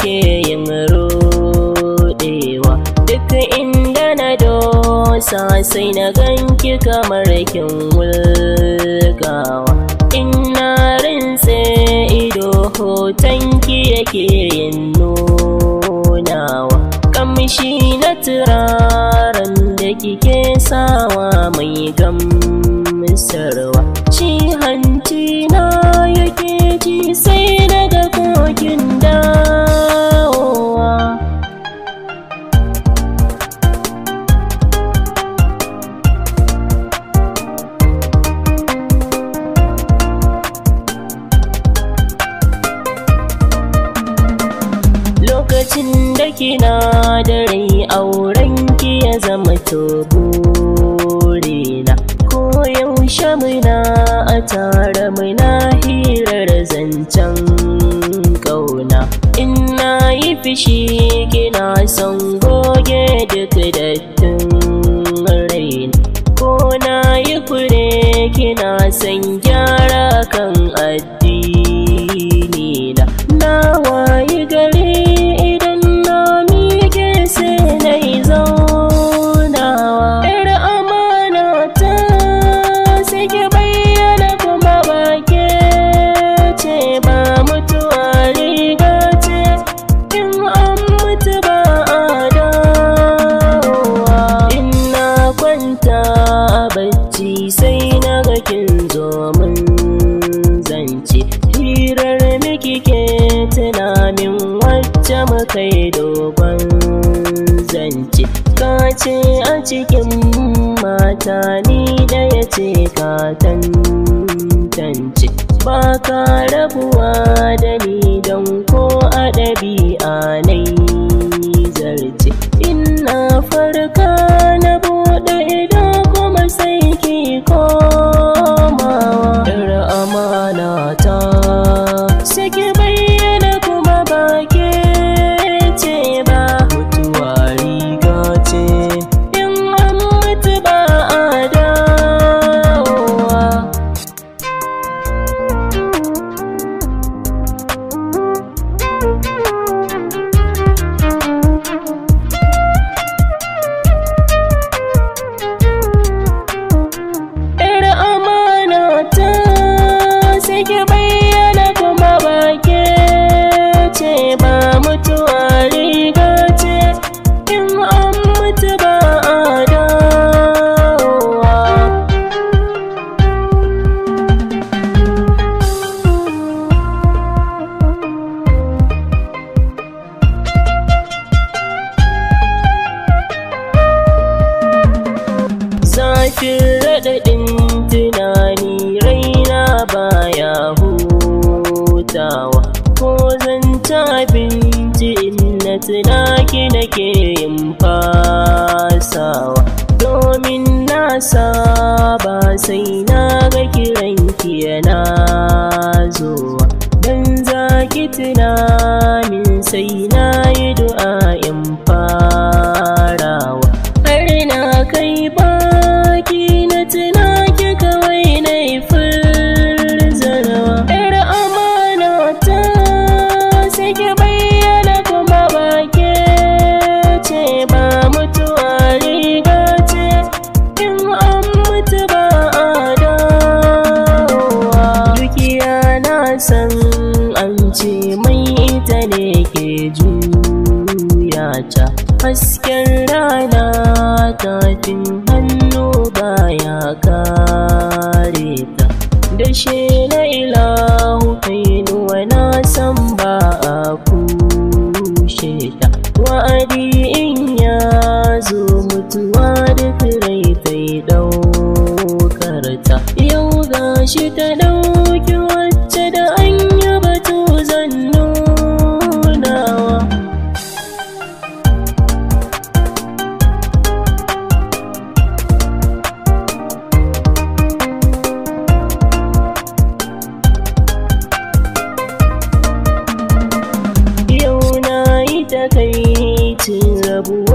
ke yin ruɗewa duk inda na dosa sai na ki kamar kin wulgawa ina rinse ido hoton ki yake yin nunawa kamshi na turaren da kike sawa mai gamsarwa shi hanci na yake ji sai da rai auren ki ya zama to na ko yaushe muna a tare muna hirar zancen ƙauna in na yi fishi kina son wacce muka dogon zance ka ce a cikin mata ni ɗaya ce ka tantance ba ka rabuwa da ni don ko a ɗabi'a nai zarce ina farka na buɗe cikin raɗaɗin tunani raina baya hutawa ko zan ci abinci in na tunaki nake yin fasawa domin na saba sai na ga kiranki yana zuwa dan zaki tunanin sai na yi du'a san an ce mai ita ne ke juya ta hasken rana tafin hannu baya kare ta da na ilahu wa na san ba a kushe ta wa'adi in ya zo mutuwa da rai ta yi ɗaukar ta yau gashi ta ɗau kai ne cin zabu